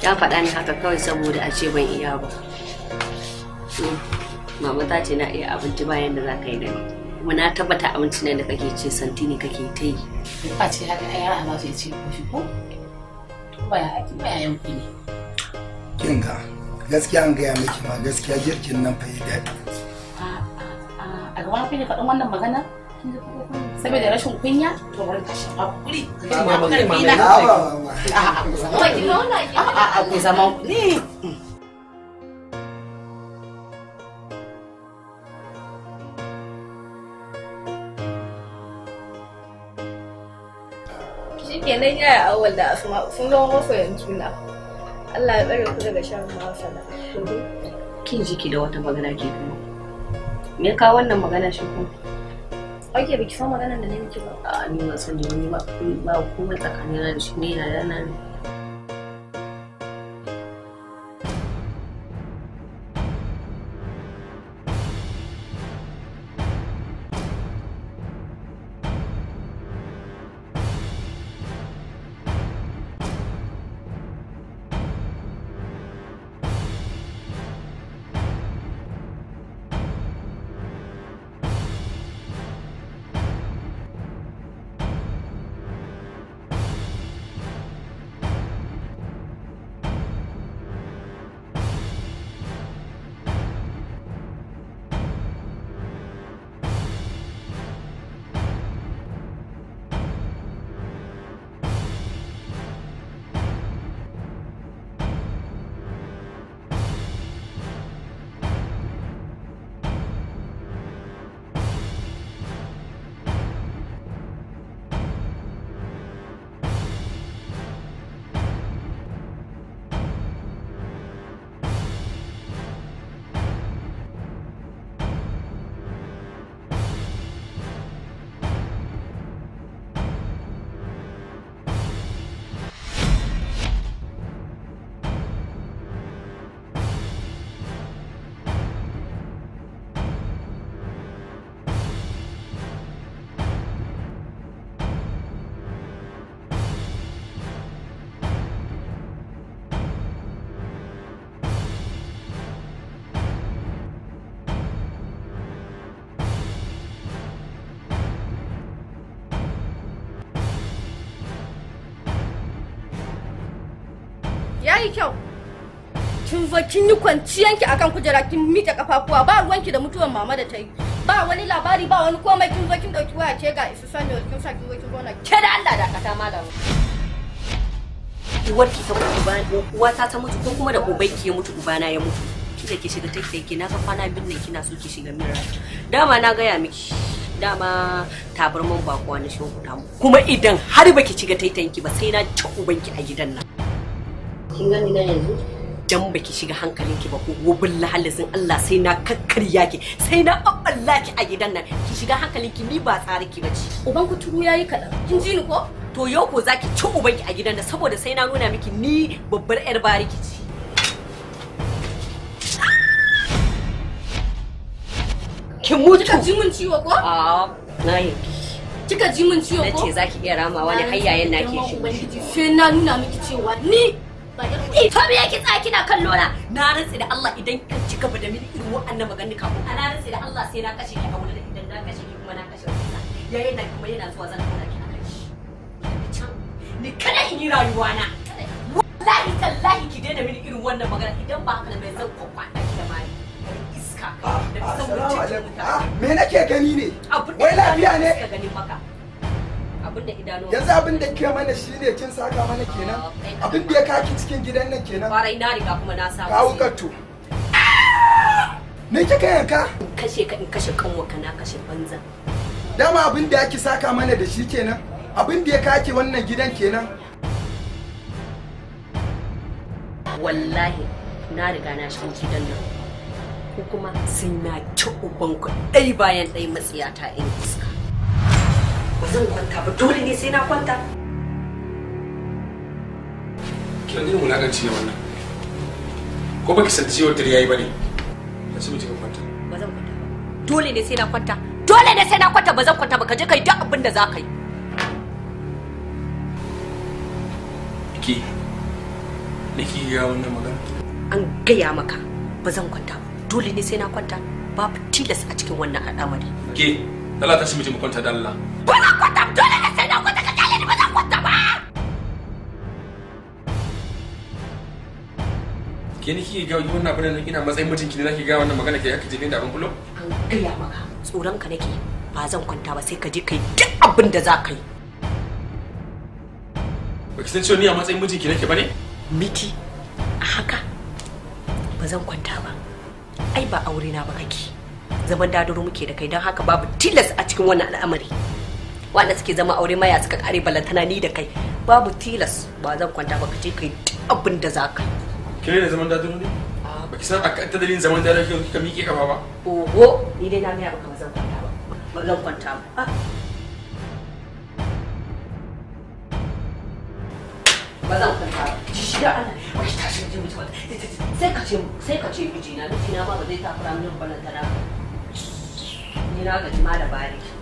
Ya faɗa ni haka kawai saboda a ce ban iya ba hmm. mama ta ce na iya abinci bayan da za ka yi da ni kuma na tabbata abinci ne da kake ce santini kake ta yi a ce haka ai ana ba su ce ko shi ko ba ya haƙi ba yi ku ne kin ga gaskiya an gaya miki ma gaskiya jirgin nan fa ya daɗi a ga wani fa ne faɗin wannan magana kin ga saboda rashin kunya to wani kashe hakuri kuma karfi na a ku zama ne shikenan yaya awal da asma sun zama masoyan juna Allah ya tsare ku daga shan masana kin jiki da wata magana ke kuma me ka wannan magana shi kuma Oke baki san maganar da ne nake ba. A'a ni ban sani ni ba komai tsakanina shi ne da nan. yi kyau kin zo kin yi ki akan kujera kin miƙe kafafuwa ba ruwanki da mutuwar mama da ta yi ba wani labari ba wani komai kin zo kin dauki waya ce ga isu sani kin sa kin zo kin zauna ke da Allah da kata uwar Ki ta mutu ko uwata ta mutu ko kuma da ki ya mutu ubana ya mutu kika ki shiga take ki na ga kwana bin nan kina so ki shiga mira dama na gaya miki dama tabarman bakuwa na shi mu kuma idan har baki shiga taitanki ba sai na ci ubanki a gidan nan kin gani na yanzu dan baki shiga hankalin ki ba ko gobin lahalazin Allah sai na kakkarya ki sai na abballa ki a gidan nan ki shiga hankalin ki ni ba tsari ki bace uban ku turu yayi kadan kin ji ni ko to yau ko zaki ci uban ki a gidan nan saboda sai na nuna miki ni babbar yar bariki ce ki mutu kika ji mun ciwo ko a na yanki kika ji mun ciwo ko nace zaki iya ramawa ne hayyayen yayin nake shi sai na nuna miki cewa ni Fa me yake tsaya kina kallo na? Na rantsi da Allah idan ka ci gaba da mini irin wa'annan maganganu kafin na rantsi da Allah sai na kashe ki a wurin idan na kashe ki kuma na kashe ki. Yayin da kuma yana zuwa zan kula ki a kai. Ni kada in yi rayuwa na. Wallahi tallahi ki daina mini irin wannan magana idan ba haka bai zan ki da Iska. Ah, ah, me nake gani ne? Wai lafiya ne? yanzu abin da ke mana shi ne kin saka mana kenan abin da ya kaki cikin gidan nan kenan kwarai na riga kuma na samu kawo katto me kika yanka kashe ka in kashe kanwa na kashe banza dama abin da yake saka mana da shi kenan abin da ya kaki wannan gidan kenan wallahi na riga na shi gidan nan ko kuma sun na ci ubanku ɗai bayan ɗai matsiyata in iska ba zan kwanta ba dole ne sai na kwanta kiran irin ci ne wannan ko baki san ciwon tare yayi bane asibiti ka kwanta ba zan kwanta ba dole ne sai na kwanta dole ne sai na kwanta ba zan kwanta ba ka je kai duk abin da za ka yi ki da ki ga wannan magana an gaya maka ba zan kwanta ba dole ne sai na kwanta babu tilas a cikin wannan al'amari ke Allah ta shi mu kwanta da Allah Ba zan dole ne sai na kwanta ka kyale ni ba zan kwanta ba. Ke ni kike ga wannan abin nan ina matsayin mutunki ne zaki ga wannan magana ke aka jefe da abin kullum? An gaya maka tsoron ka nake ba zan kwanta ba sai ka je kai duk abin da za ka yi. Ba ki san cewa ni a matsayin mijinki nake ba ne? Miki a haka ba zan kwanta ba. Ai ba aure na ba kake. zaman dadaro muke da kai don haka babu tilas a cikin wannan al'amari. wanda suke zama aure maya suka kare balantana ni da kai babu tilas ba zan kwanta ba kace kai abin da zaka kire ne zaman dadiro ne ah. ba ki san akan tadalin zaman dadiro ki kika miƙe kafa ba oho ni dai na miya ba ba zan kwanta ba ba zan kwanta ba ah. ba zan kwanta ba ji shi da Allah ta tashi ji mutuwa sai ka ce sai ka ce miji na miji na ba zai fara min balantana ni na gaji ma da bari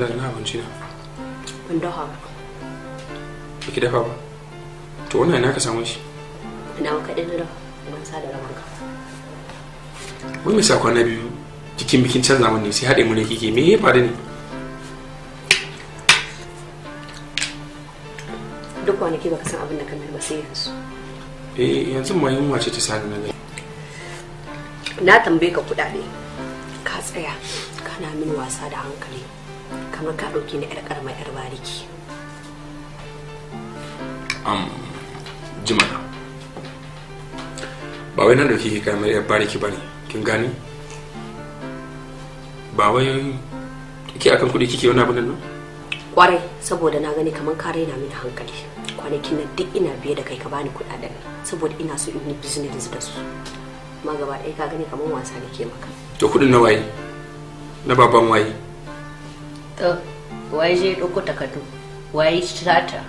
abinci na abinci na ban dafa ba ba ki dafa ba to wannan ina ka samu shi ina ka ɗin da ban sa da rawan ka wai mai sakon na biyu jikin bikin canza mun ne sai haɗe mu ne kike me ya faru ne duk kwanaki baka san abin da kamar ba sai yanzu eh yanzu ma yunwa ce ta sani na na tambaye ka kuɗaɗe ka tsaya kana min wasa da hankali kamar ka ɗauki ni 'yar ƙarama 'yar bariki am jimana ba wai na ɗauki ki kamar 'yar bariki ba ne kin gani ba wai ki akan kuɗi kike wani abu nan ba kwarai saboda na gani kamar ka raina mini hankali kwanakin nan duk ina biye da kai ka bani kuɗaɗen saboda ina so in yi business da su amma gaba ɗaya ka gani kamar wasa da ke maka to kuɗin na waye na baban waye to waye je ɗauko takardu waye sata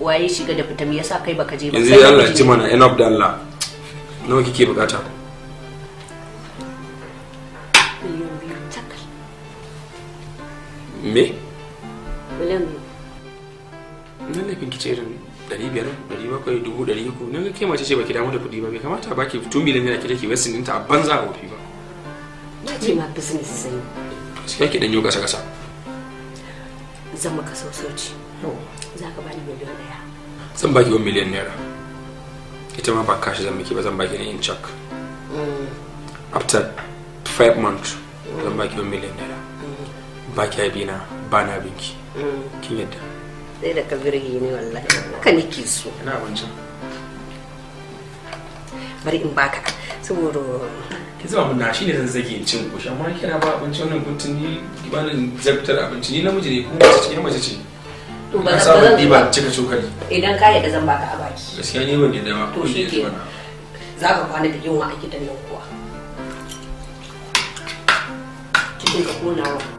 waye shiga da fita me yasa kai baka je ba yanzu ya Allah ci mana enough da Allah nawa kike bukata me miliyan biyu nan laifin kice irin dari biyar ɗari bakwai dubu dari uku nan kai mace ce baki damu da kuɗi ba bai kamata baki tun miliyan yana kira ki wasu ninta a banza a wofi ba. Na ce ma business sai. Sai ki ɗan yau gasa gasa. zan maka sassauci za ka bani miliyan daya zan baki wani miliyan naira ita ma ba kashi zan miki ba zan baki ne in check mm. after five months zan baki wani miliyan naira mm. ba ki bi na ba na binki mm. kin yadda sai da ka birge ne wallahi haka nake so ina wancan bari in baka saboda ki zama mun na shine zan zage cin ko shan amma kira ba abinci wannan gutun ni kibanin zaftar abinci ni namiji ne kuma mace ce mace ce to ba zan ba cika cokali idan ka yadda zan baka a baki gaskiya ne wanda da ma to shi ke za ka kwana da yunwa a gidan nan kuwa cikin ka wa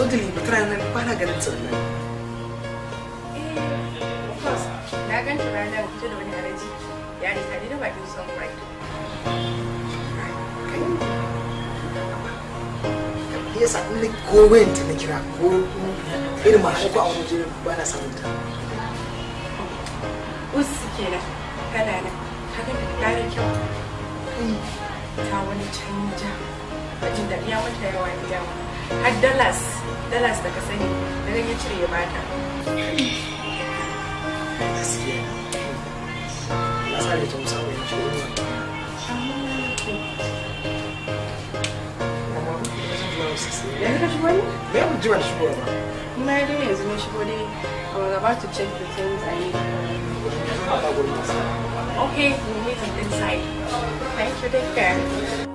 suddenly ba tana nan ba na ganin ta eh of course na ganta ranar da wani haraji ya da bakin son yasa ko na kira ko irin ko a wani jini ba na samun ta usu kana nan kaga da kare kyau ta wani canja bajin da mata yawa yawa har dalas dalas da ka sani da nan ya cire ya bata gaskiya na sa da tausa ko ya cire yanzu ka shigo ne? bai mu jima shigo ba na yi dole yanzu na shigo dai I was about to check the things I need okay we meet inside thank you take care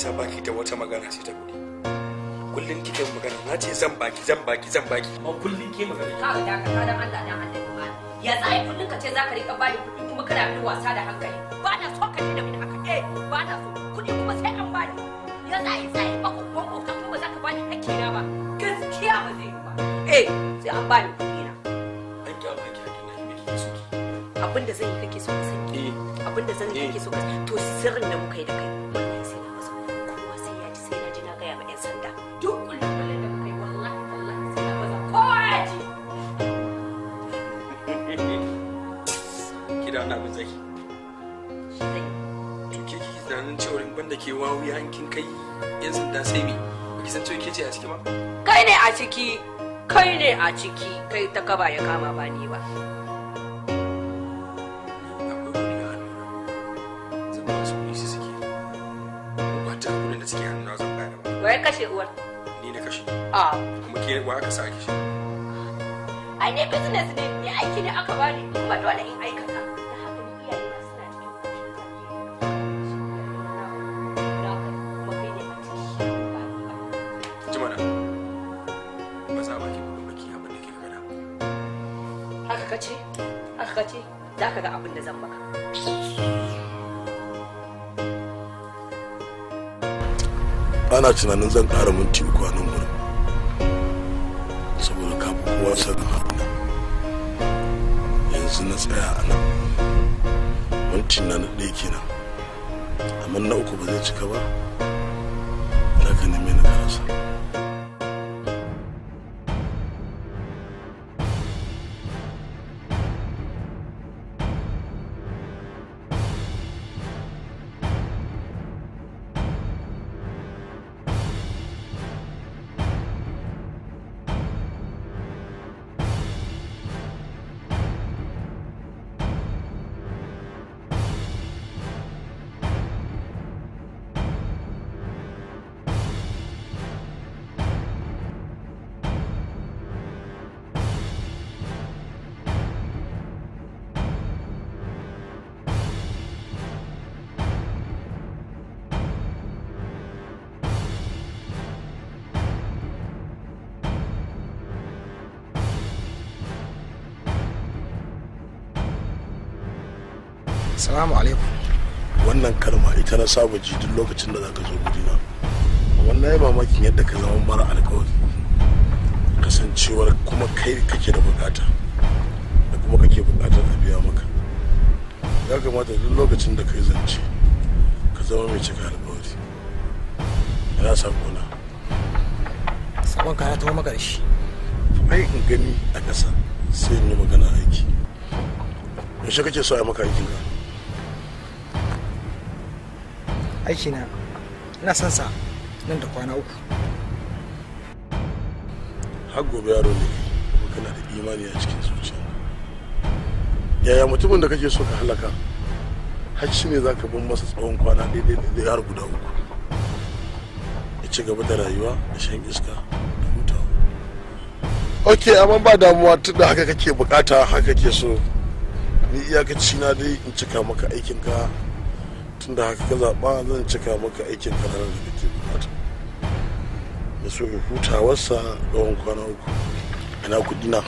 nisa baki da wata magana sai ta kuɗi kullum kike magana na ce zan baki zan baki zan baki amma kullum ke magana ka ga ka da Allah dan Allah ya tsaya kullum ka ce zaka rika bani kudi kuma kana bin wasa da hankali ba na so ka da min haka eh ba na so kudi kuma sai an bani ya tsaya tsaya ba ku ban ka kuma zaka bani hakki na ba gaskiya ba zai ba eh sai an bani kuɗi na an ki amma ki hakki na ki miki abinda zan yi kake so ka sani eh. abinda zan yi kake so ka to sirrin da muka yi da kai da ke wawiya hankin kai yan sanda sai me ba ki san cewa ke ce a ciki ba kai ne a ciki kai ne a ciki kai ta kaba ya kama ba ni ba Wai kashe uwar? Ni na kashe. A. Kuma ke wa aka sa shi? Ai ne business ne, ni aiki ne aka bani, kuma dole in tunanin zan ƙara minti uku a nan wurin saboda kafin kowa sanin haɗu yanzu na tsaya a nan minti na na ɗaya kenan amma na uku ba zai cika ba salamu alaikum wannan kalma ita na saba ji duk lokacin da za ka zo gudina wannan wallahi mamakin yadda ka zama mara alkawari kasancewar kuma kai kake da bukata da kuma kake bukatar a biya maka ya kamata duk lokacin da yi zance ka zama mai cika alkawari yana sakona sakon ka ya ta maka da shi ai in gani a ƙasa sai in yi magana aiki yaushe kake so a maka aikin ka aiki na ina san sa nan da kwana uku har gobe yaro ne kuma kana da imani a cikin zuciya yaya mutumin da kake so ka halaka har shi ne za ka bin masa tsawon kwana daidai daidai har guda uku ya ci gaba da rayuwa da shan iska da hutawa ok amma ba damuwa tun da haka kake bukata haka ke so ni iyakaci na dai in cika maka aikinka tun da haka ka zaɓa zan cika maka aikin kamar da kake bukata da so in hutawarsa tsawon kwana uku ina kuɗi na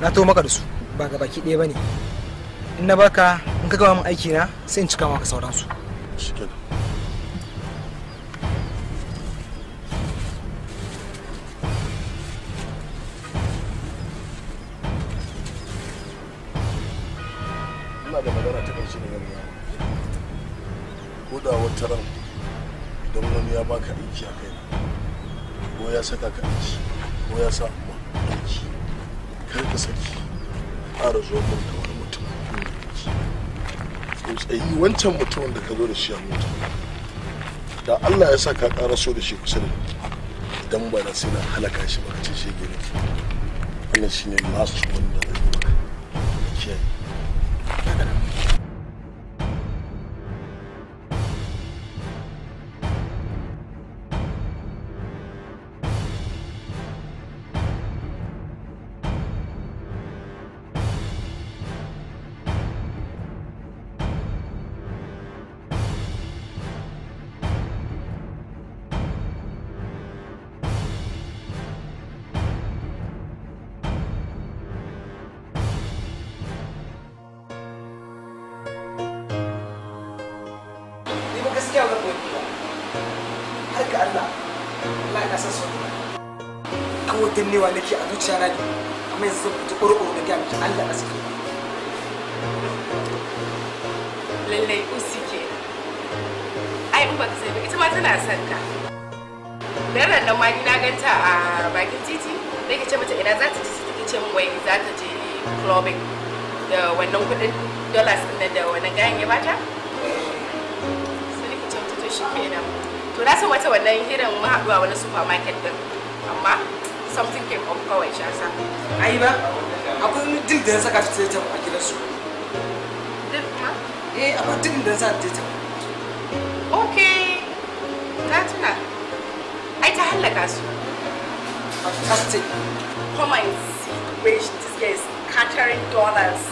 na to maka da su ba ga baki ɗaya ba ne in na baka in ka gama min aiki na sai in cika maka sauransu kenan babban da mutum wancan mutumin da ka zo da shi a mota da allah ya sa ka kara so da shi kusa da idan ba da sai na halaka shi ba ka ce shi gini wannan shine last one da zai maka kiyaye kyau ga gobe har ga Allah Allah ina son son an wutan newa nake a zuciya na ne amma yanzu zan fita ƙoro da gami Allah na suke lallai usi ke ai in baka sai ba ita ma tana son ka dan ran nan ma ni na ganta a bakin titi nake ce mata ina za ta ji take ce min wai za ta je clubbing da wannan kuɗin dollars ɗin da wannan gayan ya bata shikenan to na san wata wannan hirin mun haɗu a wani supermarket din amma something came up kawai shi ai ba akwai wani dil da ya saka shi ta a gidan su dil kuma eh akwai dil da ya saka ta okay na tuna ai ta hallaka su fantastic come in see the way this is scattering dollars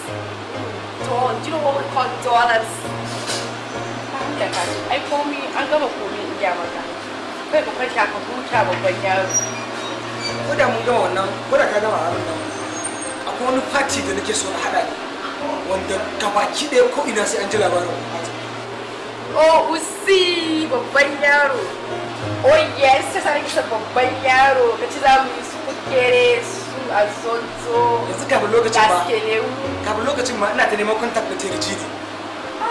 do you know what we call dollars da kasu ai komi an gama komi in maka kai huta yaro ko da mun gama wannan ko da ka gama nan akwai wani fati da nake so na hada ne wanda gabaki ɗaya ko ina sai an ji labarin wani fati usi babban yaro oh yes ta sani kisa babban yaro ka ci za mu yi su kukere su azonto yanzu kafin lokacin ba lokacin ma ina ta neman kontak da tere jini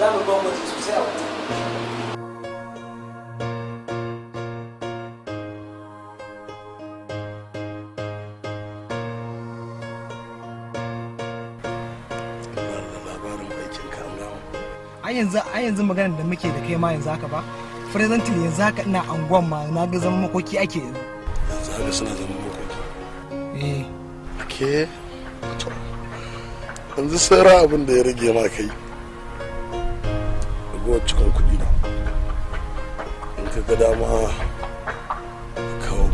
za a yanzu ai yanzu maganar da muke da kai ma yanzu haka ba presently yanzu haka ina anguwan ma na ga zaman makoki ake yanzu yanzu haka suna zaman makoki eh ke to yanzu sai ra abin da ya rage ma kai shigo cikin kudi na in ka ga dama kawo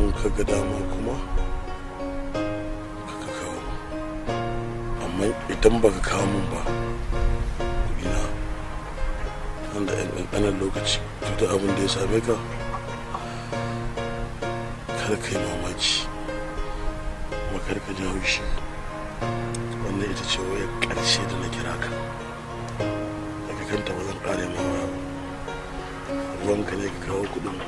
in ka ga dama kuma ka kawo amma idan baka kawo mun ba kuɗi na nan da lokaci to da abin da ya same ka kar ka yi mamaki kuma kada ka ji haushi wannan ita ce wayar ƙarshe da na kira ka kanta ba zan ƙare ma ruwanka ne ka kawo kuɗin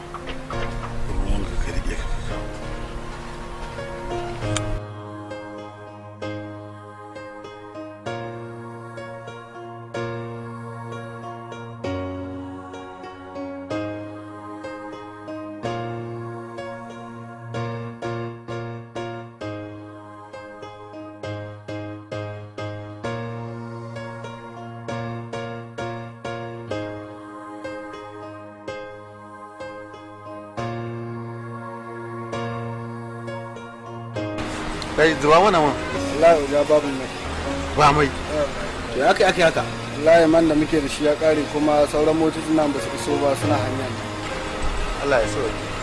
kai zuba wani mun Allah ya babu mai ba mai to ya kai haka ya man da muke da shi ya kare kuma sauran motocin nan ba su iso ba suna hanya Allah ya sauke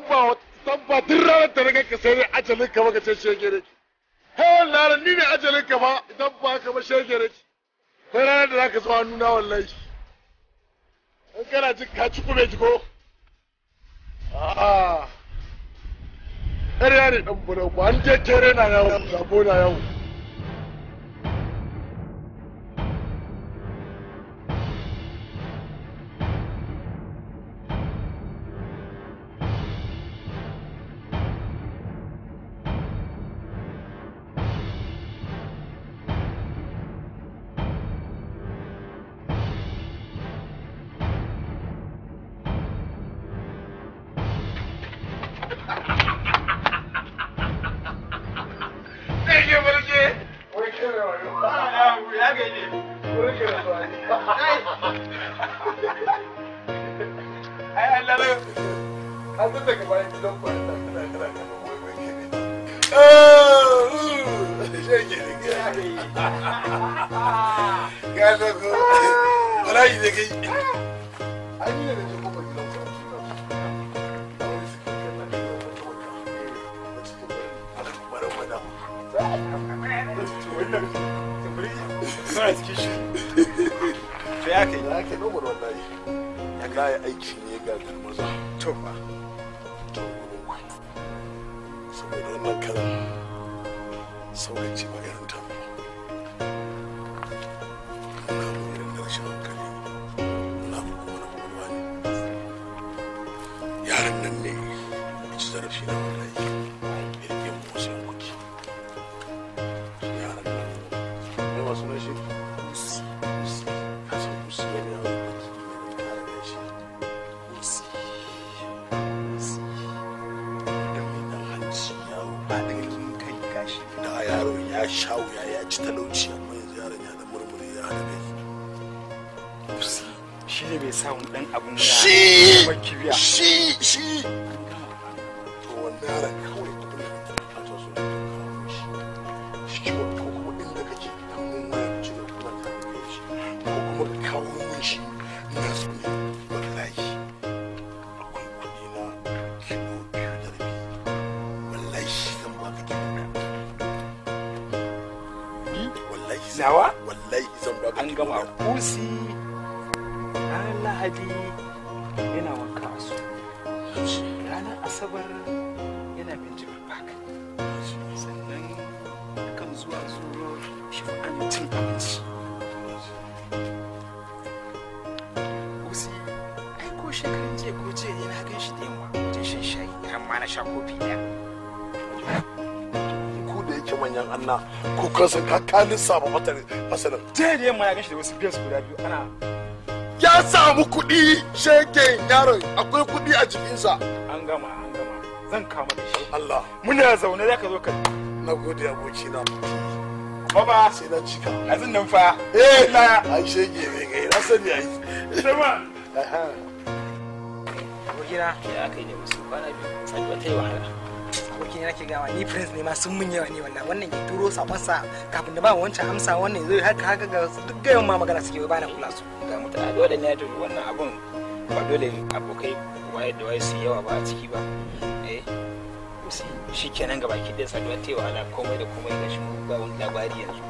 tabba tabba duk ranar da naga ka sai ajalin ka baka ce shege ne he lara ni ne ajalin ka ba idan ba ka ba shege ne ko ranar da zaka zuwa nuna wallahi in kana ji ka ci kume ji ko a'a har yare ɗan bura ba an je kere na yawo zabo na yawo ai Allah ne an zai ya kai ya kai nomar wallahi wallahi aiki ne ga maza to fa to saboda wannan kalan saukaci ba ta yaran nan na ya sha wuya ya ci talauci amma yanzu yaron ya da murmuri ya hada kai shi ne bai samu dan abun shi shi shi alhamisi ranar lahadi yana wanka a su ranar asabar yana benjamin park sannan kan zuwa zuwa shi cin abinci kusi ai ko shekaran jiya ko jiya yana gan shi da yamma wajen shan shayi amma na sha kofi ɗaya manyan anna kukan san ka kalin sabo masanin jiya da yamma ya gashi da wasu biyas guda biyu ana ya samu kuɗi sheke yaron akwai kuɗi a jikinsa an gama an gama zan kama da shi Allah muna zaune za ka zo ka na gode aboki na baba sai na cika azin nan fa eh na a sheke ne kai na sani ai sama abokina ya kai ne musu kwana biyu sai ba ta yi wahala abokin yana ke gawa ni prince ne ma sun mun yawa ne wallahi wannan ya turo sakonsa kafin da ba wancan amsa wannan zai haka haka ga duk gayan ma magana suke ba na kula su ga mutane dole ne da wannan abun ba dole abokai waye da waye su yawa ba a ciki ba eh shi kenan ga baki da saduwa ta na komai da komai ga shi ba wani labari yanzu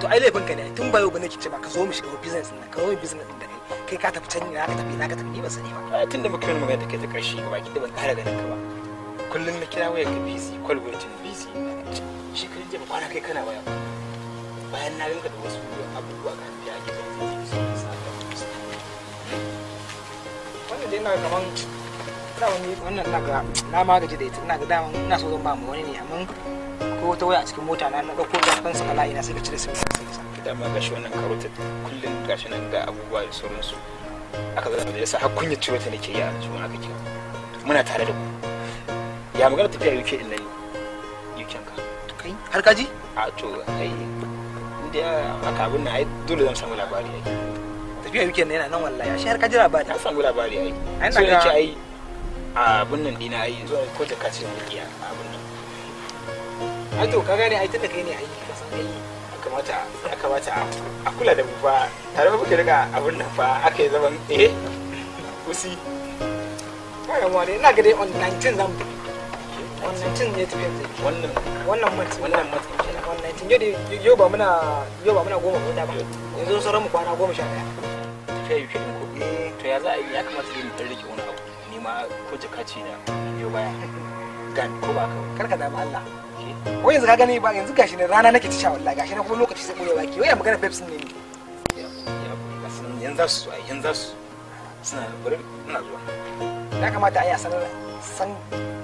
to ai laifin ka ne tun ba yau ba nake ce ba ka zo mu shiga business na ka zo mu business da kai kai ka tafi can ne ka tafi na ka tafi ni ba sani ba ah, tun da muka yi magana da kai ta karshe gaba ki da ban kara ganin ka ba kullum na kira wayar ka busy call waiting busy shi kan jiya kwana kai kana waya bayan na ganka da wasu abubuwa kan biya ake da wannan dai na kaman da wani wannan na ga na magaji da ita ina ga dama ina so zan ba mu wani ne amma ko wata waya a cikin mota na na dauko da kansa kala layi na sai ka cire su ka ma gashi wannan karotar kullum gashi nan ga abubuwa da sauransu aka zama da yasa har kunya ciro ta nake yi a cikin aka kira muna tare da ku ya magana tafiya UK in nan UK ka to kai har ka ji a to kai inda aka abin na ai dole zan samu labari ai tafiya UK nan yana nan wallahi ashe har ka ji labari na samu labari ai ai na ga ai abin nan dina ai zo ko ta kace ce ni ya abin nan ai to ka gane ai tunda kai ne ai ka san ai kamata ya kamata a kula da mu fa tare ba muke daga abin nan fa aka yi zaman eh usi ba yamuwa ne ina ga dai on 19 zan wannan ne tafiya wannan wannan mutum yanzu sauran a yi ya kamata ni ne rana nake ta sha wallahi gashi ne kuma lokaci sai koyewa ke wai magana pepsi ne ne yanzu su yanzu suna bari ina zuwa ya kamata a yi a sanar san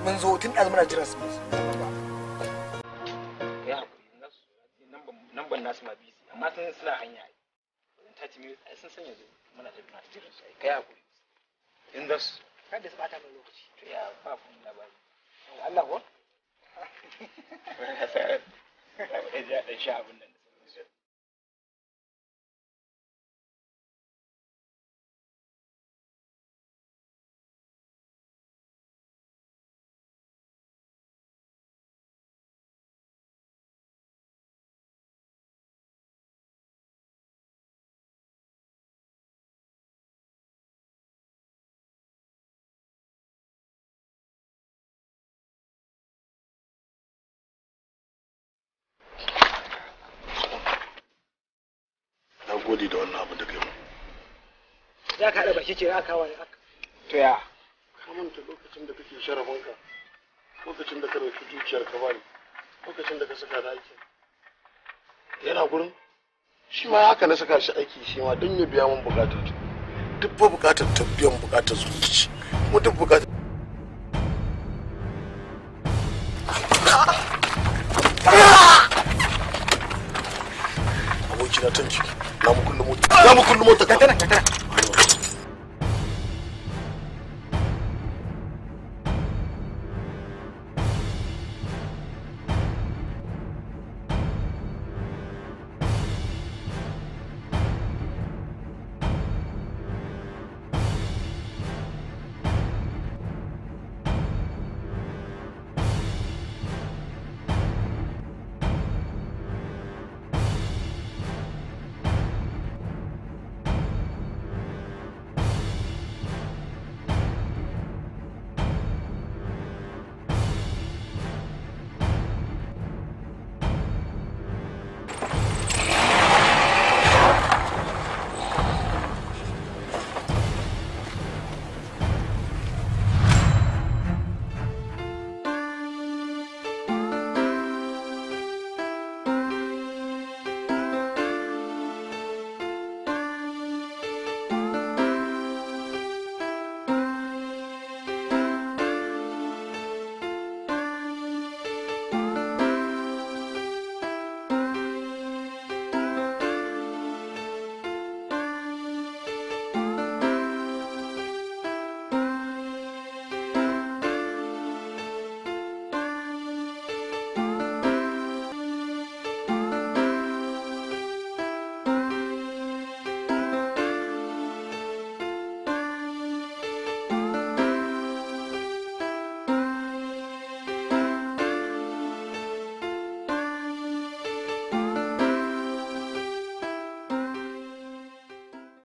mun zo tun ɗazu muna jiran su namban nasu ma bisi amma sun suna hanya ai wajen taci mai ai sun sanya zai muna jiran su ai kai hakuri in su kada su bata lokaci to ya ba ku labari Allah ko ya sa ya sha abin nan gode da wannan abin da kai mu za ka haɗa baki ke aka wani aka to ya ka manta lokacin da kake ka, lokacin da ka rufe zuciyar ka bani lokacin da ka saka da aiki. yana gurin shi ma haka na saka shi aiki shi ma don ya biya min bukatar duk ba bukatar tabbiyan bukatar zuci mu duk bukatar ah! ah! abokina tanki جابوا كل موتك